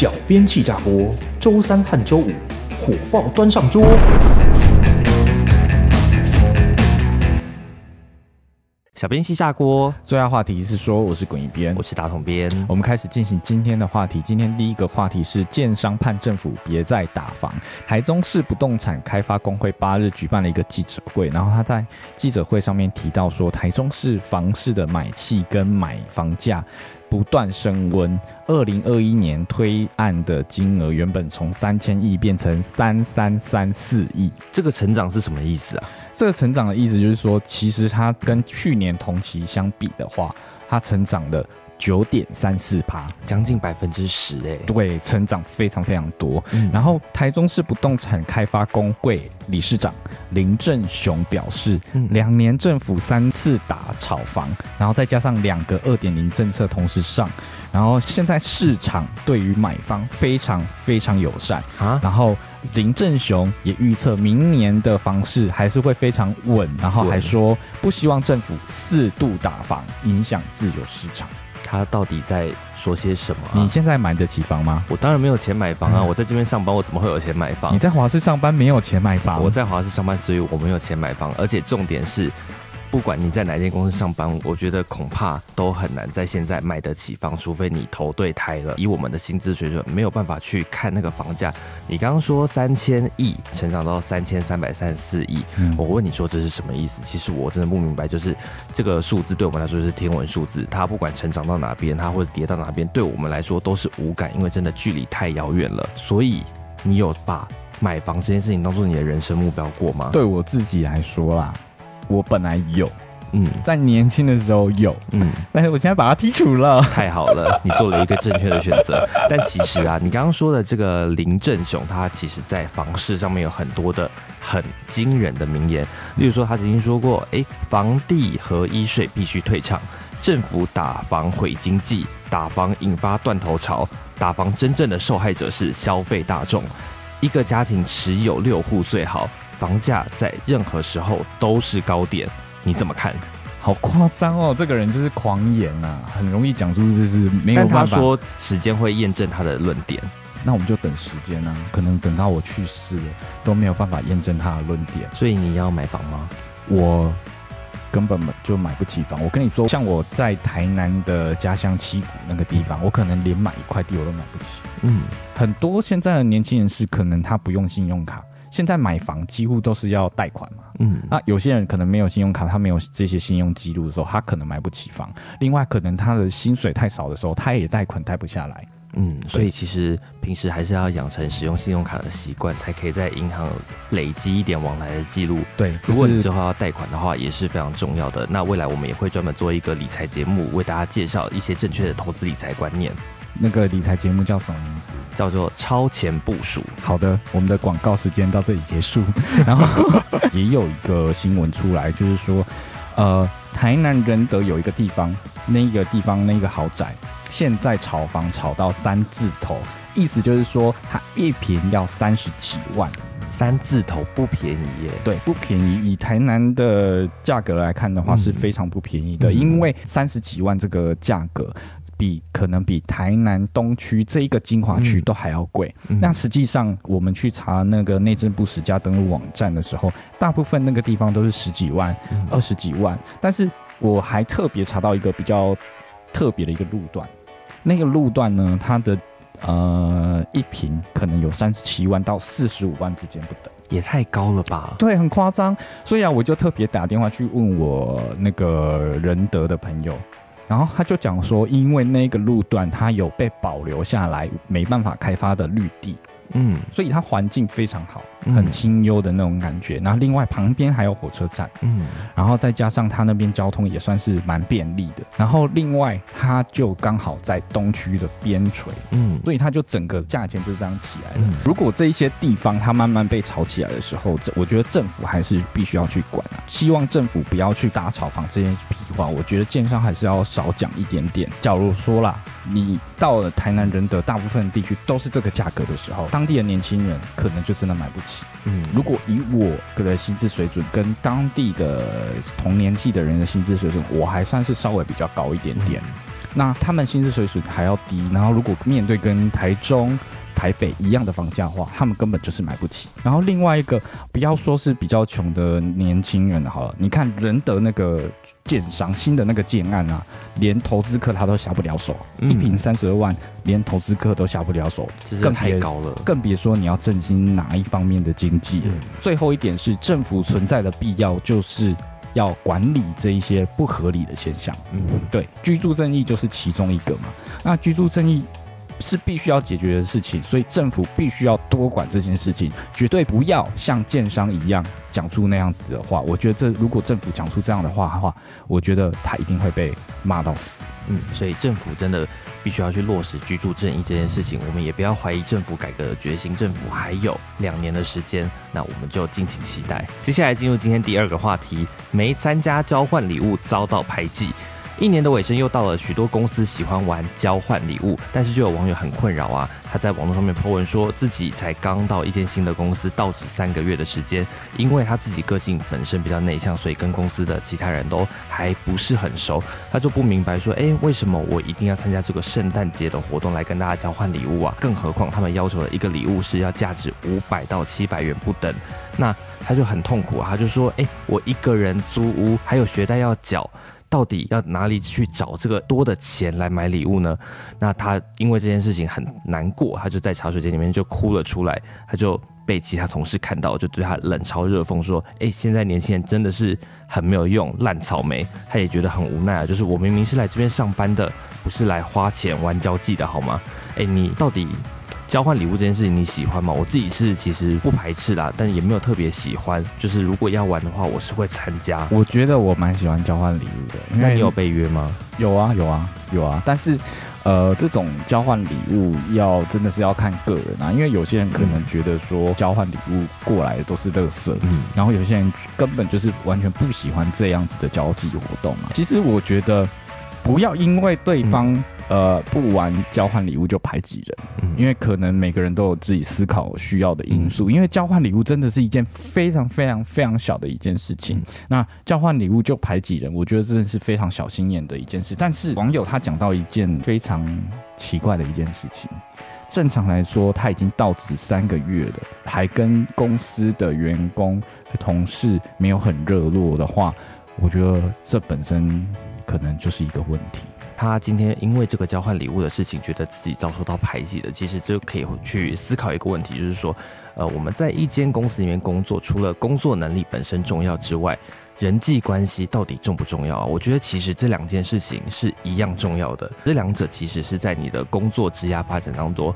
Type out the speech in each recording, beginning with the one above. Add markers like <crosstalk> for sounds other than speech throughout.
小編氣炸鍋，週三和週五火爆端上桌。小編氣炸鍋，重要話題是說，我是滾一編，我是打統編，我們開始進行今天的話題。今天第一個話題是，建商盼政府別再打房。台中市不動產開發公會八日舉辦了一個記者會，然後他在記者會上面提到說，台中市房市的買氣跟買房價。不斷升溫，二零二一年推案的金額原本從三千億變成三三三四億，這個成長是什麼意思啊？這個成長的意思就是說，其實它跟去年同期相比的話，它成長的。九點三四趴，將近百分之十哎對，成長非常非常多。嗯、然後台中市不動產開發公會理事長林正雄表示，兩、嗯、年政府三次打炒房，然後再加上兩個二點零政策同時上，然後現在市場對於買方非常非常友善啊。蛤然後林正雄也預測明年的房市還是會非常穩，然後還說不希望政府四度打房影響自由市場。他到底在說些什麼？你現在買得起房嗎？我當然沒有錢買房啊！我在這邊上班，我怎麼會有錢買房？你在華視上班沒有錢買房？我在華視上班，所以我沒有錢買房，而且重點是。不管你在哪間公司上班，我覺得恐怕都很難在現在買得起房，除非你投對胎了。以我們的薪資水準，沒有辦法去看那個房價。你剛剛說三千億成長到三千三百三十四億，嗯、我問你說這是什麼意思？其實我真的不明白，就是這個數字對我們來說是天文數字，它不管成長到哪邊，它或者跌到哪邊，對我們來說都是無感，因為真的距離太遙遠了。所以你有把買房這件事情當做你的人生目標過嗎？對我自己來說啦。我本來有，嗯，在年輕的時候有，嗯，但是我現在把它剔除了。太好了，你做了一個正確的選擇。 <laughs> 但其實啊，你剛剛說的這個林正雄，他其實在房市上面有很多的很驚人的名言，例如說，他曾經說過，誒、欸，房地合一稅必須退場，政府打房毀經濟，打房引發斷頭潮，打房真正的受害者是消費大眾，一個家庭持有六戶最好。房價在任何時候都是高點，你怎麼看？好誇張哦，這個人就是狂言啊，很容易講出這是沒有辦法。但他說時間會驗證他的論點，那我們就等時間啊，可能等到我去世了都沒有辦法驗證他的論點。所以你要買房嗎？我根本就買不起房。我跟你說，像我在台南的家鄉七股那個地方，嗯、我可能連買一塊地我都買不起。嗯，很多現在的年輕人是可能他不用信用卡。現在買房幾乎都是要貸款嘛，嗯，那有些人可能沒有信用卡，他沒有這些信用記錄的時候，他可能買不起房。另外，可能他的薪水太少的時候，他也貸款貸不下來。嗯，對，所以其實平時還是要養成使用信用卡的習慣，才可以在銀行累積一點往來的記錄。對，如果你之後要貸款的話，也是非常重要的。那未來我們也會專門做一個理財節目，為大家介紹一些正確的投資理財觀念。那個理財節目叫什麼名字？叫做超前部署。好的，我們的廣告時間到這裡結束。 <laughs> 然後也有一個新聞出來，就是說，呃，台南仁德有一個地方，那一個地方，那一個豪宅現在炒房炒到三字頭，意思就是說，它一坪要三十幾萬，三字頭不便宜耶。對，不便宜。以台南的價格來看的話，是非常不便宜的，嗯，因為三十幾萬這個價格。比可能比台南東區這一個精華區都還要貴。嗯、那實際上我們去查那個內政部實價登錄網站的時候，大部分那個地方都是十幾萬、嗯、二十幾萬。但是我還特別查到一個比較特別的一個路段，那個路段呢，它的呃一坪可能有三十七萬到四十五萬之間不等，也太高了吧？對，很誇張。所以啊，我就特別打電話去問我那個仁德的朋友。然後他就講說，因為那個路段它有被保留下來，沒辦法開發的綠地，嗯，所以它環境非常好。很清幽的那種感覺，嗯、然後另外旁邊還有火車站，嗯，然後再加上它那邊交通也算是蠻便利的，然後另外它就剛好在東區的邊陲，嗯，所以它就整個價錢就這樣起來了。嗯、如果這一些地方它慢慢被炒起來的時候，這我覺得政府還是必須要去管啊，希望政府不要去打炒房這些屁話，我覺得建商還是要少講一點點。假如說啦，你到了台南仁德大部分地區都是這個價格的時候，當地的年輕人可能就真的買不。嗯，如果以我個人薪資水準跟當地的同年紀的人的薪資水準，我還算是稍微比較高一點點，那他們薪資水準還要低。然後如果面對跟台中，台北一樣的房價的話，他們根本就是買不起。然後另外一個，不要說是比較窮的年輕人好了，你看仁德那個建商新的那個建案啊，連投資客他都下不了手，嗯、一坪三十二萬，連投資客都下不了手，這太高了，更別說你要振興哪一方面的經濟。嗯、最後一點是政府存在的必要，就是要管理這一些不合理的現象。嗯，對，居住正義就是其中一個嘛。那居住正義。是必須要解決的事情，所以政府必須要多管這件事情，絕對不要像建商一樣講出那樣子的話。我覺得這，這如果政府講出這樣的話的話，我覺得他一定會被罵到死。嗯，所以政府真的必須要去落實居住正義這件事情。我們也不要懷疑政府改革的決心。政府還有兩年的時間，那我們就敬請期待。接下來進入今天第二個話題：沒參加交換禮物遭到排擠。一年的尾聲又到了，許多公司喜歡玩交換禮物，但是就有網友很困擾啊。他在網絡上面發文說，自己才剛到一間新的公司，到職三個月的時間，因為他自己個性本身比較內向，所以跟公司的其他人都還不是很熟。他就不明白說，誒、欸，為什麼我一定要參加這個聖誕節的活動來跟大家交換禮物啊？更何況他們要求的一個禮物是要價值五百到七百元不等，那他就很痛苦啊。他就說，誒、欸，我一個人租屋，還有學貸要繳。到底要哪裡去找這個多的錢來買禮物呢？那他因為這件事情很難過，他就在茶水間裡面就哭了出來。他就被其他同事看到，就對他冷嘲熱諷說：“誒、欸，現在年輕人真的是很沒有用，爛草莓。”他也覺得很無奈啊，就是我明明是來這邊上班的，不是來花錢玩交際的，好嗎？誒、欸，你到底？交換禮物這件事情你喜歡嗎？我自己是其實不排斥啦，但也沒有特別喜歡。就是如果要玩的話，我是會參加。我覺得我蠻喜歡交換禮物的。那為你有被約嗎？有啊，有啊，有啊。但是，呃，這種交換禮物要真的是要看個人啊，因為有些人可能覺得說交換禮物過來的都是樂色，嗯，然後有些人根本就是完全不喜歡這樣子的交際活動嘛、啊。其實我覺得，不要因為對方、嗯。呃，不玩交換禮物就排擠人，嗯、因為可能每個人都有自己思考需要的因素。嗯、因為交換禮物真的是一件非常非常非常小的一件事情，嗯、那交換禮物就排擠人，我覺得真的是非常小心眼的一件事。但是網友他講到一件非常奇怪的一件事情，正常來說他已經到職三個月了，還跟公司的員工同事沒有很熱絡的話，我覺得這本身可能就是一個問題。他今天因為這個交換禮物的事情，覺得自己遭受到排擠的。其實就可以去思考一個問題，就是說，呃，我們在一間公司裡面工作，除了工作能力本身重要之外，人際關係到底重不重要啊？我覺得其實這兩件事情是一樣重要的，這兩者其實是在你的工作職涯發展當中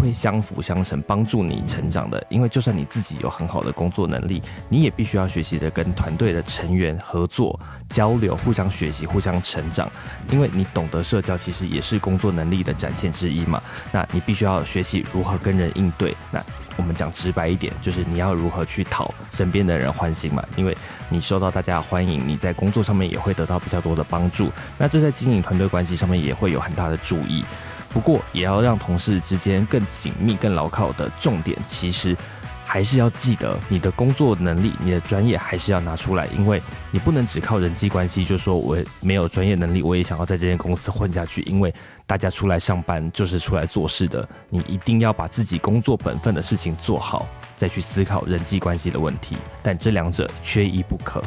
會相輔相成，幫助你成長的。因為就算你自己有很好的工作能力，你也必須要學習着跟團隊的成員合作、交流、互相學習、互相成長。因為你懂得社交，其實也是工作能力的展現之一嘛。那你必須要學習如何跟人應對。那。我們講直白一點，就是你要如何去討身邊的人歡心嘛？因為你受到大家的歡迎，你在工作上面也會得到比較多的幫助。那這在經營團隊關係上面也會有很大的助益，不過也要讓同事之間更緊密、更牢靠的重點，其實。還是要記得你的工作能力，你的專業還是要拿出來，因為你不能只靠人際關係，就說我沒有專業能力，我也想要在這間公司混下去，因為大家出來上班就是出來做事的，你一定要把自己工作本分的事情做好，再去思考人際關係的問題。但這兩者缺一不可。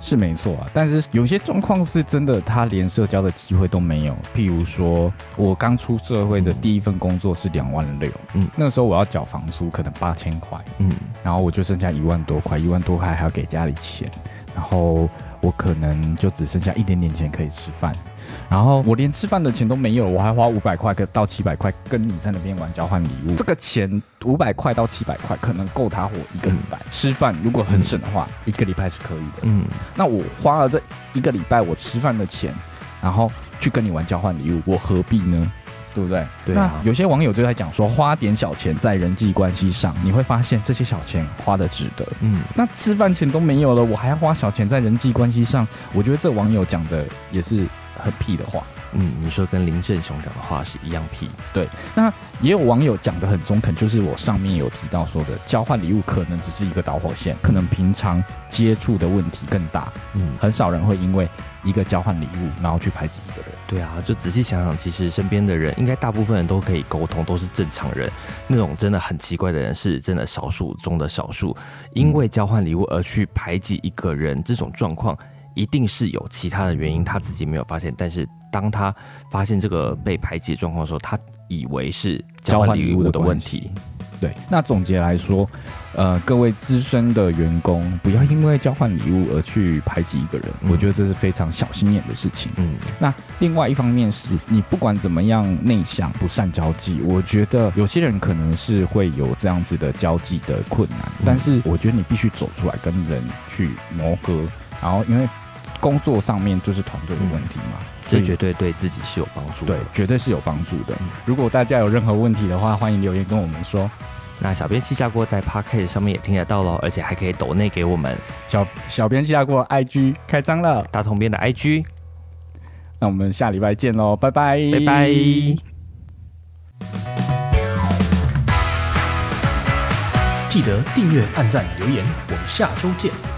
是沒錯啊，但是有些狀況是真的，他連社交的機會都沒有。譬如說，我剛出社會的第一份工作是兩萬六，嗯，那時候我要繳房租，可能八千塊，嗯，然後我就剩下一萬多塊，一萬多塊還要給家裡錢，然後。我可能就只剩下一點點錢可以吃飯，然後我連吃飯的錢都沒有，我還花五百塊到七百塊跟你在那邊玩交換禮物。這個錢五百塊到七百塊可能夠他活一個禮拜。嗯，吃飯如果很省的話，嗯，一個禮拜是可以的。嗯，那我花了這一個禮拜我吃飯的錢，然後去跟你玩交換禮物，我何必呢？對不對？對啊。有些網友就在講說，花點小錢在人際關係上，你會發現這些小錢花的值得。嗯，那吃飯錢都沒有了，我還要花小錢在人際關係上？我覺得這網友講的也是。很屁的話，嗯，你說跟林正雄講的話是一樣屁。對，那也有網友講得很中肯，就是我上面有提到說的，交換禮物可能只是一個導火線，可能平常接觸的問題更大。嗯，很少人會因為一個交換禮物然後去排擠一個人。對啊，就仔細想想，其實身邊的人應該大部分人都可以溝通，都是正常人。那種真的很奇怪的人，是真的少數中的少數。因為交換禮物而去排擠一個人，嗯、這種狀況。一定是有其他的原因，他自己沒有發現。但是當他發現這個被排擠狀況的時候，他以為是交換禮物的問題的。對，那總結來說，呃，各位資深的員工，不要因為交換禮物而去排擠一個人，嗯、我覺得這是非常小心眼的事情。嗯，那另外一方面是你不管怎麼樣內向不善交際，我覺得有些人可能是會有這樣子的交際的困難，嗯、但是我覺得你必須走出來跟人去磨合。然後，因為工作上面就是團隊的問題嘛，嗯、所以這絕對對自己是有幫助的。對，絕對是有幫助的。嗯、如果大家有任何問題的話，歡迎留言跟我們說。那小編氣炸鍋在 Podcast 上面也聽得到嘍，而且還可以抖內給我們小、小編氣炸鍋 IG 開張了，打統編的 IG。那我們下禮拜見嘍，拜拜拜拜！記得訂閱、按讚、留言，我們下周見。